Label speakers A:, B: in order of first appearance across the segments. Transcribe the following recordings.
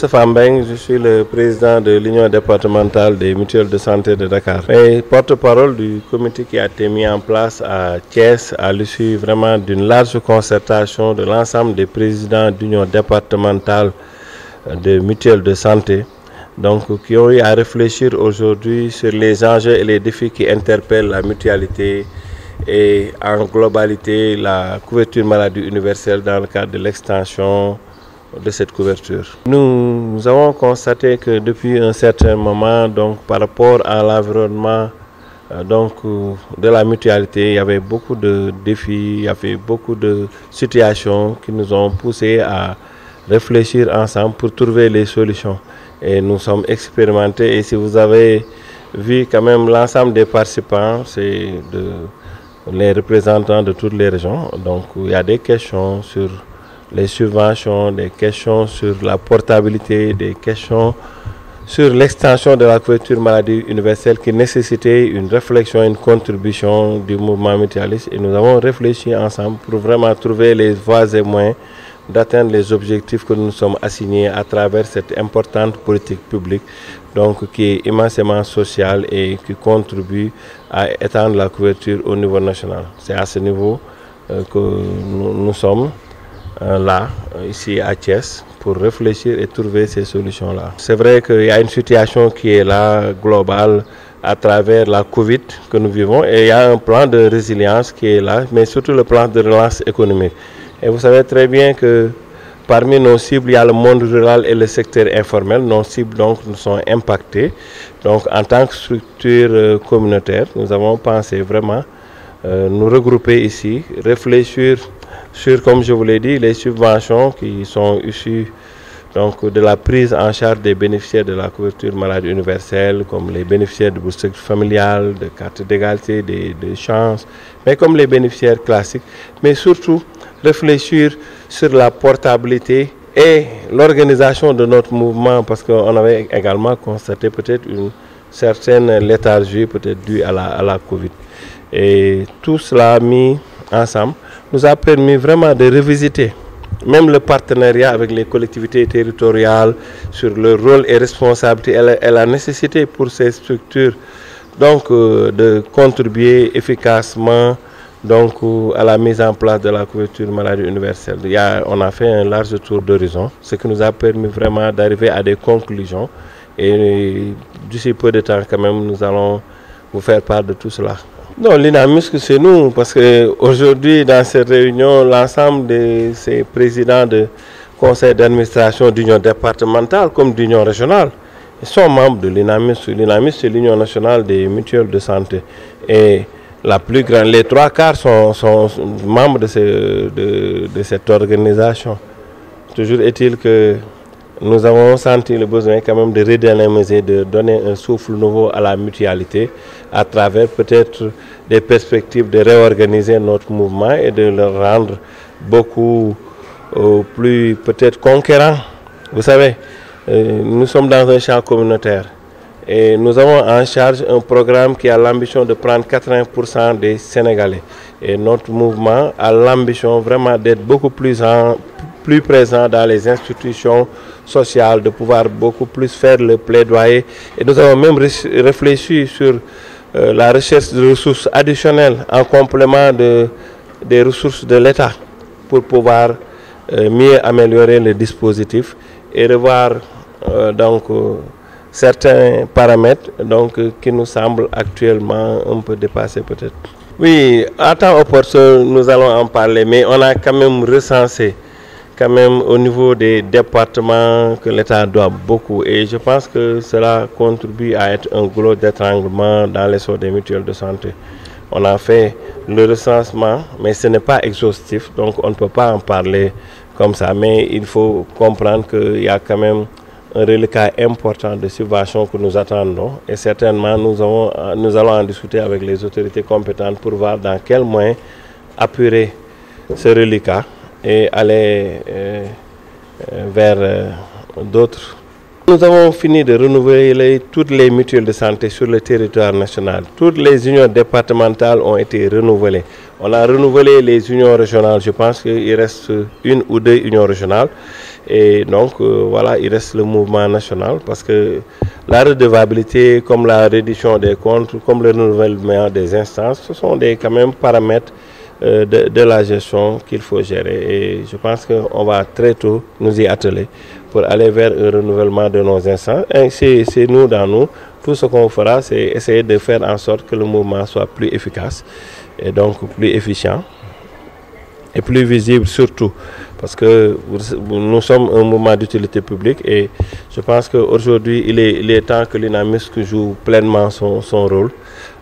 A: Moustapha Mbeng, je suis le président de l'Union départementale des mutuelles de santé de Dakar et porte-parole du comité qui a été mis en place à Thiès à l'issue vraiment d'une large concertation de l'ensemble des présidents d'Union départementale des mutuelles de santé. Donc, qui ont eu à réfléchir aujourd'hui sur les enjeux et les défis qui interpellent la mutualité et en globalité la couverture maladie universelle dans le cadre de l'extension de cette couverture. Nous, nous, avons constaté que depuis un certain moment, par rapport à l'environnement, euh, donc euh, de la mutualité, il y avait beaucoup de défis, il y avait beaucoup de situations qui nous ont poussés à réfléchir ensemble pour trouver les solutions. Et nous sommes expérimentés. Et si vous avez vu quand même l'ensemble des participants, c'est de les représentants de toutes les régions. Donc il y a des questions sur les subventions, des questions sur la portabilité, des questions sur l'extension de la couverture maladie universelle qui nécessitait une réflexion, une contribution du mouvement mutualiste. Et nous avons réfléchi ensemble pour vraiment trouver les voies et moyens d'atteindre les objectifs que nous sommes assignés à travers cette importante politique publique, donc qui est immensément sociale et qui contribue à étendre la couverture au niveau national. C'est à ce euh, Euh, là, euh, ici à Thiès, pour réfléchir et trouver ces solutions-là. C'est vrai qu'il y a une situation qui est là, globale, à travers la Covid que nous vivons, et il y a un plan de résilience qui est là, mais surtout le plan de relance économique. Et vous savez très bien que parmi nos cibles, il y a le monde rural et le secteur informel. Nos cibles donc nous sont Donc en tant que structure euh, communautaire, nous avons pensé vraiment euh, nous regrouper ici, réfléchir sur, comme je vous l'ai dit, les subventions qui sont issues donc, de la prise en charge des bénéficiaires de la couverture malade universelle, comme les bénéficiaires de bourse familiale, de carte d'égalité, des, des chances, mais comme les bénéficiaires classiques, mais surtout réfléchir sur la portabilité et l'organisation de notre mouvement, parce qu'on avait également constaté peut-être une certaine léthargie, peut-être due à la, à la Covid. Et tout cela mis ensemble, nous a permis vraiment de revisiter même le partenariat avec les collectivités territoriales sur leur rôle et responsabilité et la, et la nécessité pour ces structures donc euh, de contribuer efficacement donc euh, à la mise en place de la couverture maladie universelle. Il y a, on a fait un large tour d'horizon, ce qui nous a permis vraiment d'arriver à des conclusions et d'ici peu de temps quand même nous allons vous faire part de tout cela. Non, l'INAMUSC, c'est nous, parce qu'aujourd'hui, dans cette réunion, l'ensemble de ces présidents de conseil d'administration d'union départementale comme d'union régionale, ils sont membres de l'INAMUSC. L'INAMUSC, c'est l'Union nationale des mutuelles de santé. Et la plus grande, les trois quarts sont, sont membres de, ce, de, de cette organisation. Toujours est-il que nous avons senti le besoin quand même de de donner un souffle à la mutualité à travers peut-être des perspectives de réorganiser notre mouvement et de le rendre beaucoup euh, peut-être conquérant. Vous savez, euh, nous sommes dans un champ communautaire et nous en charge un programme qui a l'ambition de prendre 80% des Sénégalais. Et notre mouvement a l'ambition vraiment d'être beaucoup plus, plus présent dans les institutions sociale, de pouvoir beaucoup plus faire le plaidoyer. Et nous avons même réfléchi sur euh, la recherche de ressources additionnelles en complément de, des ressources de l'État pour pouvoir euh, mieux améliorer le dispositif et revoir euh, donc, euh, certains paramètres donc, euh, qui nous semblent actuellement un peu dépassés peut-être. Oui, à temps opportun, nous allons en parler, mais on a quand même recensé quand même au niveau des départements que l'État doit beaucoup. Et je pense que cela contribue à être un gros d'étranglement dans l'essor des mutuelles de santé. On a fait le recensement, mais ce n'est pas exhaustif, donc on ne peut pas en parler comme ça. Mais il faut comprendre qu'il y a quand même un reliquat important de subventions que nous attendons. Et certainement, nous, avons, nous allons en discuter avec les autorités compétentes pour voir dans quel moyen apurer ce reliquat et aller euh, euh, vers euh, d'autres. Nous avons fini de renouveler toutes les mutuelles de santé sur le territoire national. Toutes les unions départementales ont été renouvelées. On a renouvelé les unions régionales. Je pense qu'il reste une ou deux unions régionales. Et donc, euh, voilà, il reste le mouvement national parce que la redevabilité, comme la reddition des comptes, comme le renouvellement des instances, ce sont des quand paramètres Euh, de, de la gestion qu'il faut gérer. Et je pense qu'on va très tôt nous y atteler pour aller vers un renouvellement de nos instances. C'est nous dans nous. Tout ce qu'on fera, c'est essayer de faire en sorte que le mouvement soit plus efficace et donc plus visible surtout parce que nous sommes un mouvement d'utilité publique et je pense qu'aujourd'hui il est, il est temps que l'UNAMISC joue pleinement son, son rôle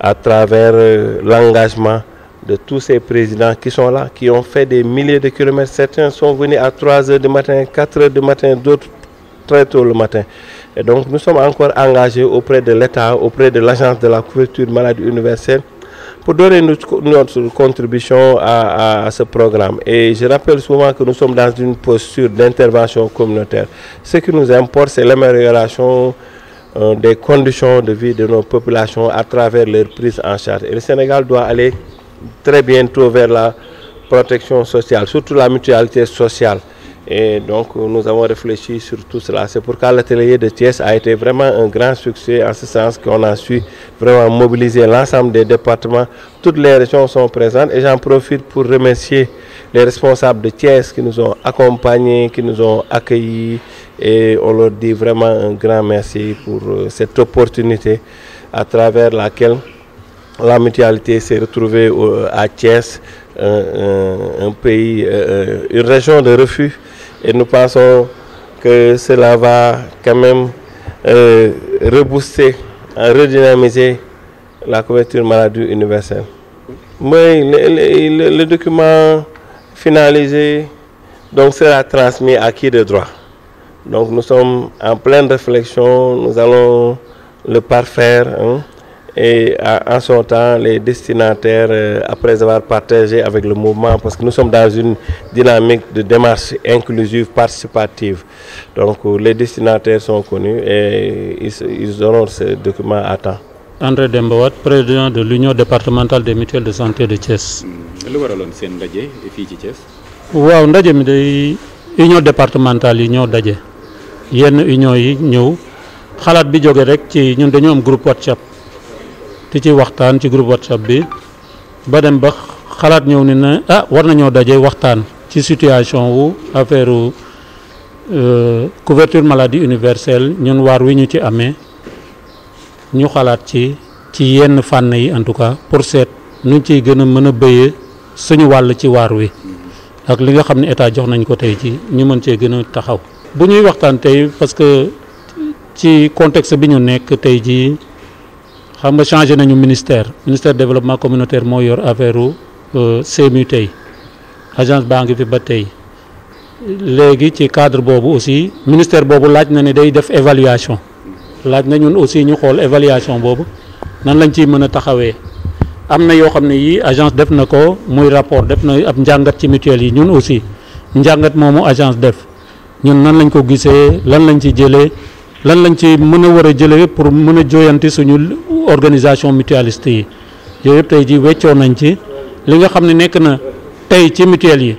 A: à travers euh, l'engagement de tous ces présidents qui sont là, qui ont fait des milliers de kilomètres. Certains sont venus à 3 heures du matin, 4 heures du matin, d'autres très tôt le matin. Et donc nous sommes encore engagés auprès de l'État, auprès de l'Agence de la couverture maladie universelle pour donner notre, contribution à, à, ce programme. Et je rappelle souvent que nous sommes dans une posture d'intervention communautaire. Ce qui nous importe, c'est l'amélioration euh, des conditions de vie de nos populations à travers leur prise en charge. Sénégal doit aller très bien bientôt vers la protection sociale, surtout la mutualité sociale. Et donc, nous avons réfléchi sur tout cela. C'est pourquoi l'atelier de Thiès a été vraiment un grand succès en ce sens qu'on a su vraiment mobiliser l'ensemble des départements. Toutes les régions sont présentes et j'en profite pour remercier les responsables de Thiès qui nous ont accompagnés, qui nous ont accueillis et on leur dit vraiment un grand merci pour euh, cette opportunité à travers laquelle la mutualité s'est retrouvée au, à Thiès, un, un, un euh, une région de refus. Et nous pensons que cela va quand même euh, rebooster, euh, redynamiser la couverture maladie universelle. Mais le, le, le document finalisé donc sera transmis à qui de droit. Donc nous sommes en pleine réflexion, nous allons le parfaire. Hein. et en son temps les destinataires euh, après avoir partagé avec le mouvement parce que nous sommes dans une dynamique de démarche inclusive participative donc euh, les destinataires sont connus et ils auront ce
B: document à temps. André Demba Wade président de l'union départementale de mutuelles de santé de Thiès. lu waraloon seen ndaje fii ci Thiès. waaw ndaje mi day union départementale yi ñoo daje yenn union yi ñëw xalaat bi jóge rek ci ñun dañoo am groupe WhatsApp. di ci waxtaan ci groupe whatsapp bi ba dem ba xalaat ñëw ni na ah war nañoo daje waxtaan ci situation wu affaire u euh, couverture maladie universelle ñun waar wi ñu ci amee ñu xalaat ci ci yenn fànn yi en tout cas pour seet nuñ ciy gën a mën a béyee suñu wàll ci waar wi ak li nga xam ne état jox nañ ko tey ci ñu mën cee gën a taxaw bu ñuy waxtaan tey parce ci contexte bi ñu nekk tey jii xam nga changé nañu ministère ministère développement communautaire moo yor affaire CMU euh, tey agence baa ngi fi ba tey léegi ci cadre boobu aussi ministère boobu laaj na ne day def évaluation laaj na ñun aussi ñu xool évaluation boobu nan lañ ci mën a taxawee am na yoo xam ne yii agence def na ko muy rapport def na ab njàngat ci mutuelle yi ñun aussi njàngat moomu agence def ñun nan lañ ko gisee lan lañ ci jëlee lan lañ ci mën a war a jëlee pour mën a joyanti suñu organisation mutualiste yi yooyu tey ji weccoo nañ ci li nga xam ne nekk na tey ci mutuelle yi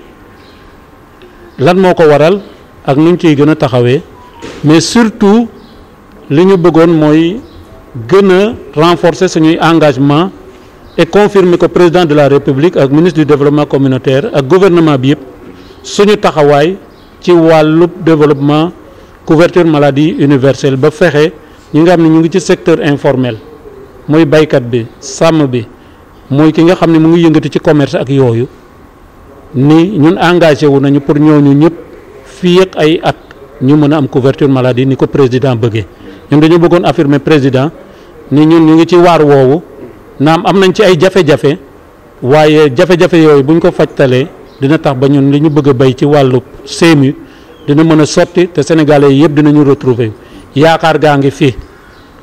B: lan moo ko waral ak nuñ ciy gën a taxawee mais surtout li ñu bëggoon mooy gën a renforcer suñuy engagement et confirmer ko président de la république ak ministre du développement communautaire ak gouvernement bi yëpp suñu taxawaay ci wàllu développement couverture maladie universelle ba fexe ñi nga xam ne ñu ngi ci secteur informel mooy baykat bi sàmm bi mooy ki nga xam ne mu ngi yëngatu ci commerce ak yooyu ni ñun engagé wu nañu pour ñooñu ñëpp fii ak ay at ñu mën a am couverture maladie ni ko président bëggee ñun dañu bëggoon affirmer président ni ñun ñu ngi ci waar woowu naam am nañ ci ay jafe-jafe waaye jafe-jafe yooyu buñ ko fajtalee dina tax ba ñun li ñu bëgg a béy ci wàllu séem dina mën a sotti te sénégalais yëpp dinañu retrouver yaakaar gaa ngi fi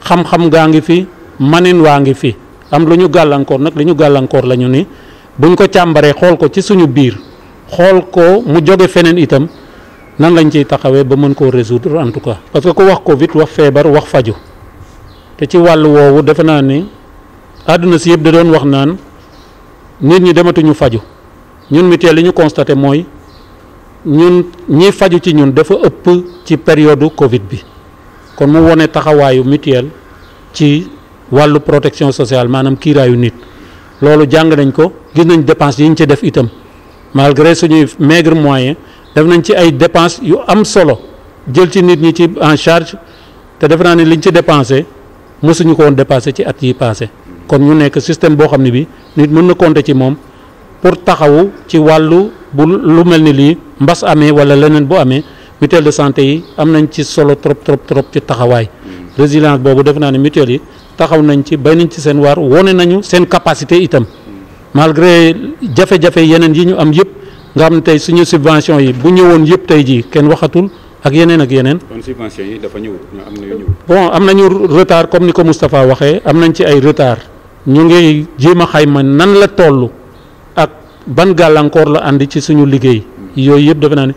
B: xam-xam gaa ngi fi manin waa ngi fi am lu ñu gàllankoor nag li ñu gàllankoor la ñu ni buñ ko càmbaree xool ko ci suñu biir xool ko mu jóge feneen itam nan lañ ciy taxawee ba mën koo résoudre en tout cas parce que ku wax Covid wax feebar wax faju te ci wàll woowu defe naa ni àdduna si yëpp da doon wax naan nit ñi dematuñu faju ñun mutuelle li ñu constaté mooy ñun ñi faju ci ñun dafa ëpp ci période Covid bi kon mu wone taxawaayu mutuelle ci wàllu protection sociale maanaam kiiraayu nit loolu jàng nañ ko gis nañ dépense yi ñu ci def itam malgré suñuy maigre moyen def nañ ci ay dépense yu am solo jël ci nit ñi ci en charge te def naa ne liñ ci dépensé mosuñu ko woon dépassé ci at yi passé kon ñu nekk système boo xam ne bi nit mën na compter ci moom pour taxawu ci wàllu bu lu mel ni lii mbas amee wala leneen bu amee mutuelle de santé yi am nañ ci solo trop trop trop ci taxawaay mm. résilience boobu def naa ne mutuelle yi taxaw nañ ci bay nañ ci seen waar wone nañu seen capacité itam mm. malgré jafe-jafe yeneen yi ñu am yëpp nga am tey suñu subvention yi bu ñëwoon yëpp tey jii kenn waxatul ak yeneen ak yeneen. kon yi dafa ñëw am na ñëw. bon am nañu retard comme ni ko Moustapha waxee am nañ ci ay retard ñu ngi jéem a xayma nan la toll. ban gàllankoor la andi ci suñu liggéey yooyu yëpp defe naa ne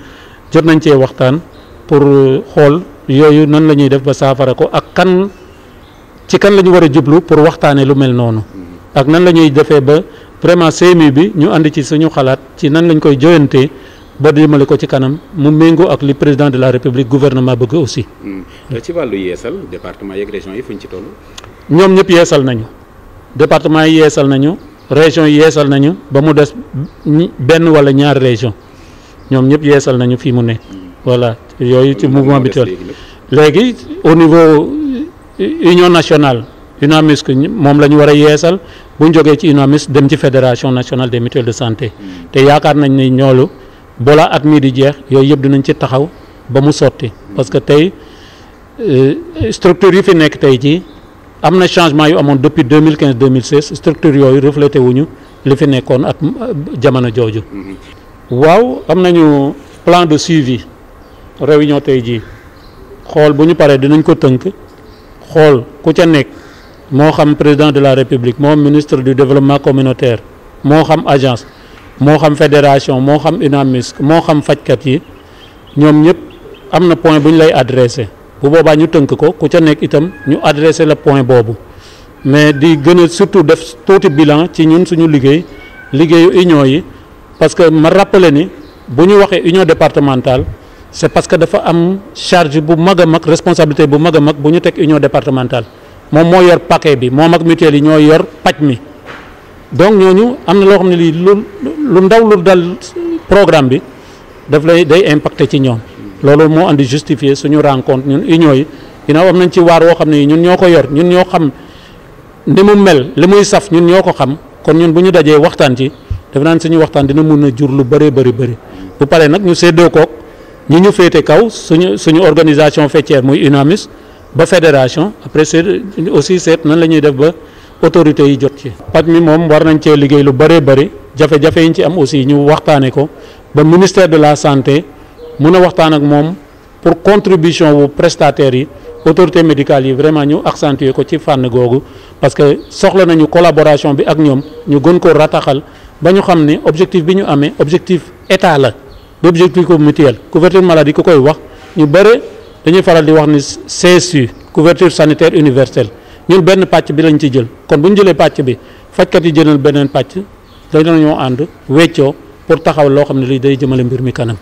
B: jot nañ cee waxtaan pour euh, xool yooyu nan la ñuy def ba saafara ko ak kan ci kan la ñu war a jublu pour waxtaanee lu mel noonu ak nan la ñuy defee ba vraiment CMU bi ñu indi ci suñu xalaat ci nan lañ koy joyantee ba dimbali ko ci kanam mu méngoo ak li président de la république gouvernement bëgg aussi. Mm. ci wàllu yeesal département yeeg région yi fuñ ci toll. ñoom ñëpp yeesal nañu département yi yeesal nañu. région yeesal nañu ba mu des benn wala ñaari région ñoom ñëpp yeesal nañu fii mu nekk voilà yooyu ci mouvement bi léegi au niveau union nationale UNAMISC moom la ñu war a yeesal bu ñu jógee ci UNAMISC dem ci fédération nationale des mutuelles de santé te yaakaar nañ ni ñoolu bola at mii di jeex yooyu yëpp dinañ ci taxaw ba mu sotti parce que tey euh, structure yi fi nekk tey jii am na changement yu amoon depuis 2015 2016 structure yooyu reflété wuñu li fi nekkoon ak euh, jamono jooju. Mm-hmm. waaw am nañu plan de suivi réunion tey jii xool bu ñu paree dinañ ko tënk xool ku ca nekk moo xam président de la république moo ministre du développement communautaire moo xam agence moo xam fédération moo xam UNAMIS moo xam fajkat yi ñoom ñëpp am na point buñ lay adressé. bu boobaa ñu tënk ko ku ca nekk itam ñu adressé le point boobu mais di gën a surtout def tuuti bilan ci ñun suñu liggéey liggéeyu union yi parce que ma rappelé ni bu ñu waxee union départementale c'est parce que dafa am charge bu mag a mag responsabilité bu mag a mag bu ñu teg union départementale moom moo yor paquet bi moo mag mutuelle yi ñoo yor paj mi donc ñooñu am na loo xam ne lii lu lu ndaw lu dal programme bi daf lay day impacté ci ñoom loolu moo andi justifier suñu rencontre ñun union yi ginnaaw am nañ ci waar woo xam ne ñun ñoo ko yor ñun ñoo xam ni mu mel li muy saf ñun ñoo ko xam kon ñun bu ñu dajee waxtaan ci def naa suñu waxtaan dina mun a jur lu bëree bëri bëri bu paree nag ñu séddoo koog ñu ñu féete kaw suñu suñu organisation faîtière muy UNAMIS ba fédération après c'est aussi seet nan la ñuy def ba autorité yi jot ci. paj mi moom war nañ cee liggéey lu bëree bëri jafe-jafe yi ñu ci am aussi ñu waxtaanee ko ba ministère de la santé. mun a waxtaan ak moom pour contribution bu prestataires yi autorités médicales yi vraiment ñu accentuer ko ci fànn googu parce que soxla nañu collaboration bi ak ñoom ñu gën ko rataxal ba ñu xam ne objectif bi ñu amee objectif état la du objectif ko mutuel couverture maladie ku koy wax ñu bëre dañuy faral di wax ni CSU couverture sanitaire universelle ñun benn pàcc bi lañ ci jël kon bu ñu jëlee pàcc bi fajkat yi jëleel beneen pàcc dañoo ànd weccoo pour taxaw loo xam ne lii day jëmale mbir mi kanam.